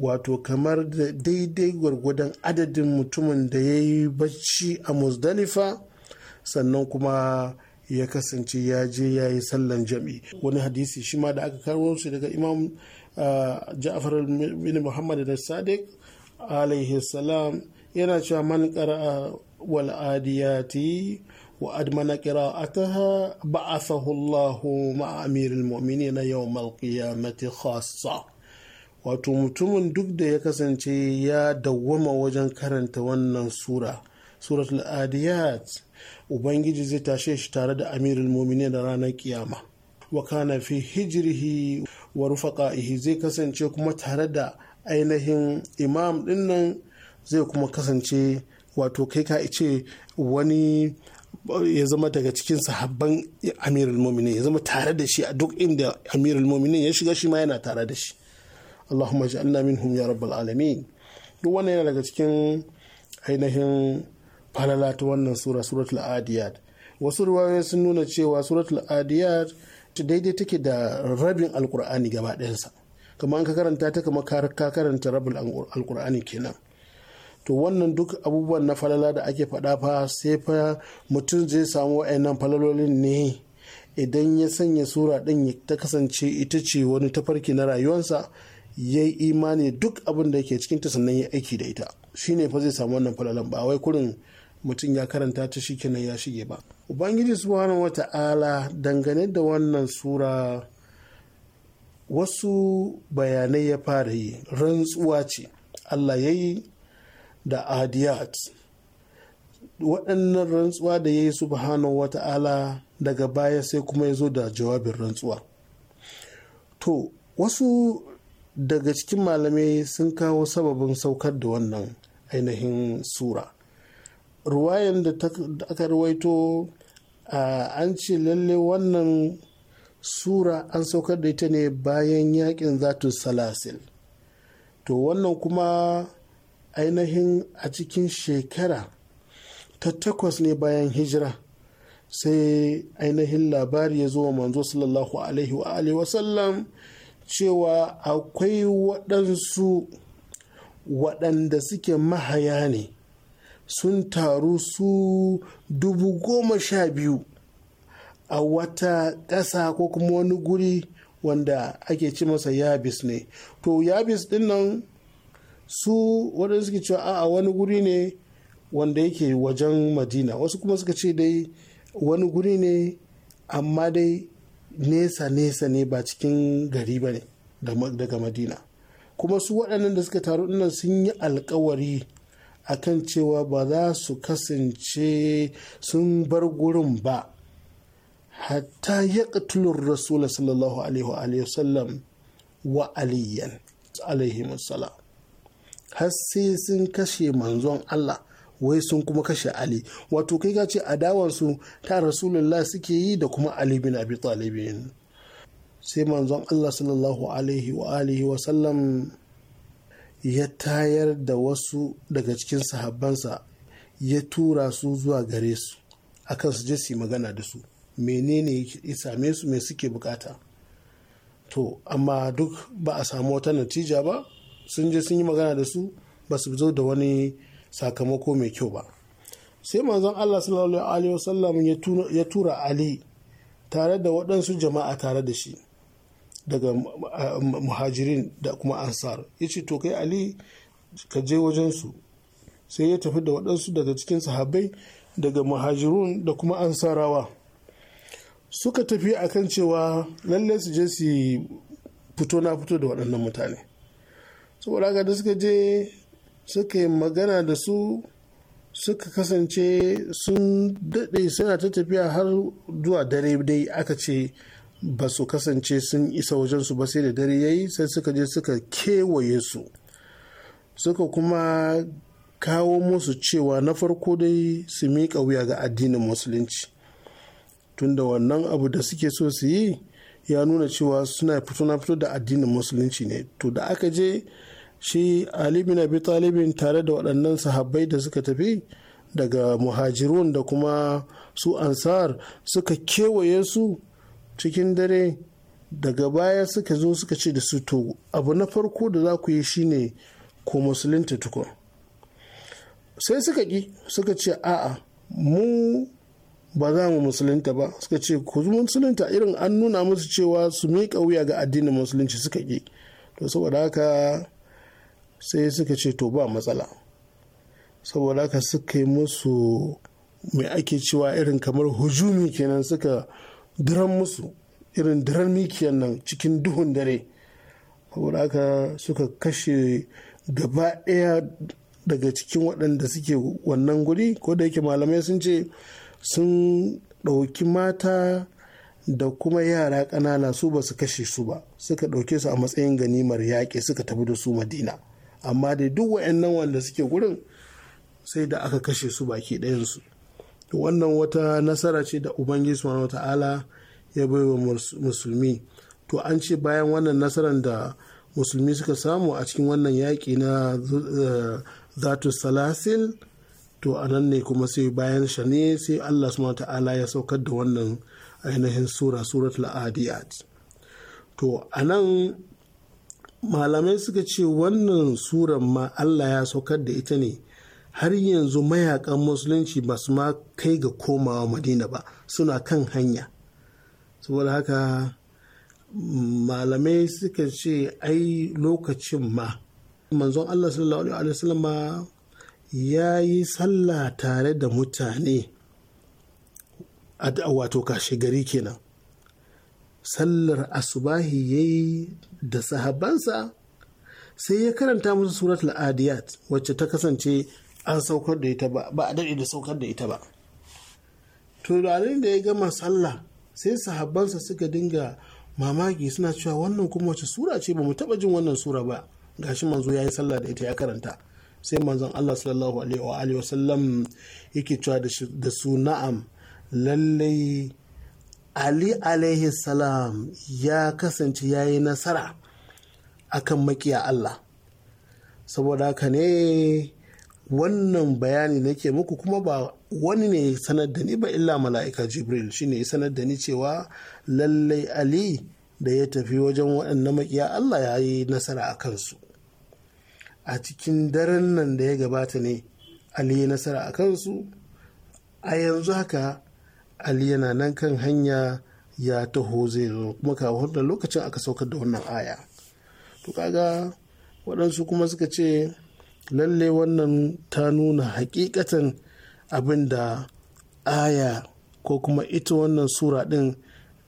wato kamar da daidai gwargwadon adadin mutumin da ya yi bacci a muzdalifa sannan kuma ya kasance ya je ya yi sallan jam'i wani hadisi shi ma da aka karo shi daga imam ah, ja'far bin muhammad da sadiq alaihi salam yana cewa man qara'a wal adiyati wa admana qira'ataha ba'athahu Allahu ma'a amiril mu'minin yawm al-qiyamati khassa wato mutumin duk da ya kasance ya dawwama wajen karanta wannan sura suratul adiyat ubangiji zai tashe shi tare da amirul muminin da ranar kiyama wa kana fi hijirhi. wa rufaqaihi zai kasance kuma tare da ainihin imam dinnan zai kuma kasance wato kai ka ce wani ya zama daga cikin sahabban amirul muminin ya zama tare da shi a duk inda amirul ya shiga shi ma yana tare da shi Allahumma ja'alna minhum ya rabbal alamin duk wannan yana daga cikin ainihin falala ta wannan sura suratul adiyat wasu ruwayoyi sun nuna cewa suratul adiyat ta daidai take da rabin alkur'ani gaba ɗayansa kamar an ka karanta ta kama ka karanta rabin alkur'ani kenan to wannan duk abubuwan na falala da ake faɗa fa sai fa mutum zai samu wa'annan falalolin ne idan ya sanya sura ɗin ta kasance ita ce wani tafarki na rayuwarsa ya yi imani duk abin da yake cikinta sannan ya aiki da ita shine fa zai samu wannan falalan ba wai kurin mutum ya karanta ta shi kenan ya shige ba ubangiji subhanahu ala dangane da wannan sura wasu bayanai ya fara yi rantsuwa ce allah ya yi da adiyat waɗannan rantsuwa da ya yi subhanahu wata'ala daga baya sai kuma ya zo da jawabin rantsuwa to wasu daga cikin malamai sun kawo sababin saukar da wannan ainihin sura ruwayan da aka ruwaito an ce lalle wannan sura an saukar da ita ne bayan yakin zatu salasil to wannan kuma ainihin a cikin shekara ta takwas ne bayan hijira sai ainihin labari ya zo wa manzo sallallahu alaihi wa alihi wasallam cewa akwai waɗansu waɗanda suke mahaya ne sun taru su dubu goma sha biyu a wata ƙasa ko kuma wani guri wanda ake ci masa yabis ne to yabis din nan su waɗanda suke cewa a wani guri ne wanda yake wajen madina wasu kuma suka ce dai wani guri ne amma dai nesa nesa ne ba cikin gari ba ne daga madina kuma su waɗannan da suka taru nan sun yi alkawari akan cewa ba za su kasance sun bar gurin ba hatta ya ƙatulun rasulun sallallahu alaihi wa sallam wa aliyan alaihi har sai sun kashe manzon Allah wai sun kuma kashe Ali wato kai ga ce adawansu ta rasulullah suke yi da kuma Ali bin Abi Talibin sai manzon Allah sallallahu alaihi wa sallam ya tayar da wasu daga cikin sahabbansa ya tura su zuwa gare su akan su je su magana da su menene ya same su me suke bukata to amma duk ba a samu wata natija ba sun je sun yi magana da su ba su zo da wani sakamako mai kyau ba sai manzon Allah sallallahu alaihi wasallam ya tura Ali tare da waɗansu jama'a tare da shi daga uh, muhajirin da kuma ansar ya ce to kai ali ka je wajensu sai ya tafi da waɗansu daga cikin sahabai daga muhajirun da kuma ansarawa suka tafi a kan cewa lallai su je su fito na fito da waɗannan mutane saboda haka da suka je suka yi magana da su suka kasance sun daɗe suna ta tafiya har zuwa dare dai aka ce ba su kasance sun isa wajensu ba sai da dare ya yi sai suka je suka kewaye su suka kuma kawo musu cewa na farko dai su miƙa wuya ga addinin musulunci tunda wannan abu da suke so su yi ya nuna cewa suna fito na fito da addinin musulunci ne to da aka je shi ali bin abi talibin tare da waɗannan sahabbai da suka tafi daga muhajirun da kuma su ansar suka kewaye su cikin dare daga baya suka zo suka ce da su to abu na farko da za ku yi shine ko musulunta tukun sai suka ƙi suka ce a'a mu ba za mu musulunta ba suka ce ku musulunta irin an nuna musu cewa su miƙa wuya ga addinin musulunci suka ƙi to saboda haka sai suka ce to ba matsala saboda haka suka yi musu mai ake cewa irin kamar hujumi kenan suka diran musu irin diran mikiyan nan cikin duhun dare saboda haka suka kashe gaba ɗaya daga cikin waɗanda suke wannan guri ko da yake malamai sun ce sun ɗauki mata da kuma yara ƙanana su ba su kashe su ba suka ɗauke su a matsayin ganimar yaƙi suka tafi da su madina amma dai duk wa'annan wanda suke gurin sai da aka kashe su baki ɗayansu wannan wata nasara ce da ubangiji subhanahu ta'ala ya wa musulmi to an ce bayan wannan nasarar da musulmi suka samu a cikin wannan yaƙi na eh, zatu salasil to a ne kuma sai bayan shane sai allah subhanahu ta'ala ya saukar da wannan ainihin sura surat adiyat to anan malamai suka ce wannan suran ma allah ya saukar da ita ne har yanzu mayakan musulunci ba su ma kai ga komawa madina ba suna kan hanya saboda haka malamai suka ce ai lokacin ma manzon allah sallallahu alaihi wasallama ya yi sallah tare da mutane a wato kashe gari kenan sallar asubahi ya yi da sahabansa sai ya karanta musu suratul adiyat wacce ta kasance an saukar da ita ba ba a daɗe da saukar da ita ba to da da ya gama sallah sai sahabbansa suka dinga mamaki suna cewa wannan kuma wace sura ce ba mu taɓa jin wannan sura ba gashi manzo ya yi sallah da ita ya karanta sai manzon Allah sallallahu alaihi wa sallam yake cewa da su na'am lallai Ali alaihi salam ya kasance ya yi nasara akan makiya Allah saboda haka ne wannan bayani nake muku kuma ba wani ne sanar da ni ba illa mala'ika jibril shine ya sanar da ni cewa lallai ali da ya tafi wajen waɗannan makiya allah ya yi nasara a kansu a cikin daren nan da ya gabata ne ali ya nasara a kansu a yanzu haka ali yana nan kan hanya ya taho zai zo kuma kafin da lokacin aka saukar da wannan aya to kaga waɗansu kuma suka ce lalle wannan ta nuna hakikatan abin da aya ko kuma ita wannan sura ɗin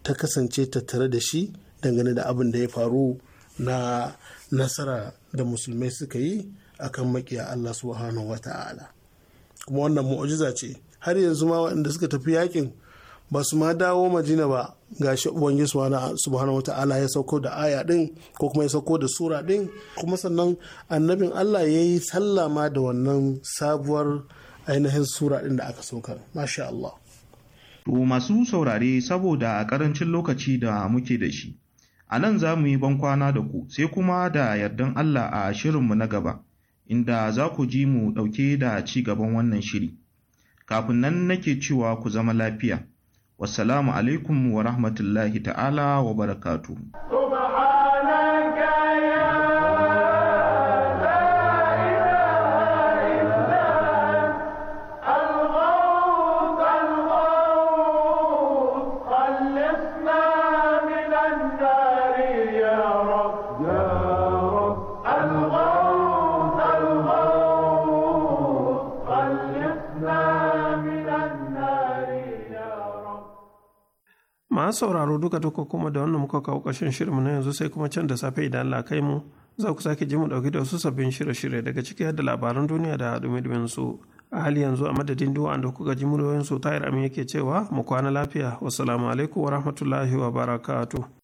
ta kasance tattare da shi dangane da abin da ya faru na nasara da musulmai suka yi akan makiya Allah subhanahu wa ta'ala kuma wannan mu'ujiza ce har yanzu ma waɗanda suka tafi yakin ba su ma dawo madina ba ga shi ubangiji subhanahu wata'ala ya sauko da aya din ko kuma ya sauko da sura din kuma sannan annabin Allah ya yi sallama da wannan sabuwar ainihin sura din da aka saukar masha Allah to masu saurare saboda a karancin lokaci da muke da shi a nan za mu yi bankwana da ku sai kuma da yardan Allah a shirinmu na gaba inda za ku ji mu ɗauke da ci gaban wannan shiri kafin nan nake cewa ku zama lafiya Wasalamu alaikum wa rahmatullahi ta'ala wa barakatuhu. masu sauraro duka duka kuma da wannan muka kawo ƙarshen shirinmu na yanzu sai kuma can da safe idan Allah kai mu za ku sake ji mu ɗauki da wasu sabbin shirye-shirye daga ciki da labaran duniya da dumi su a hali yanzu a madadin duwa da kuka ji su tayar amin yake cewa mu kwana lafiya wasalamu alaikum wa rahmatullahi wa barakatu.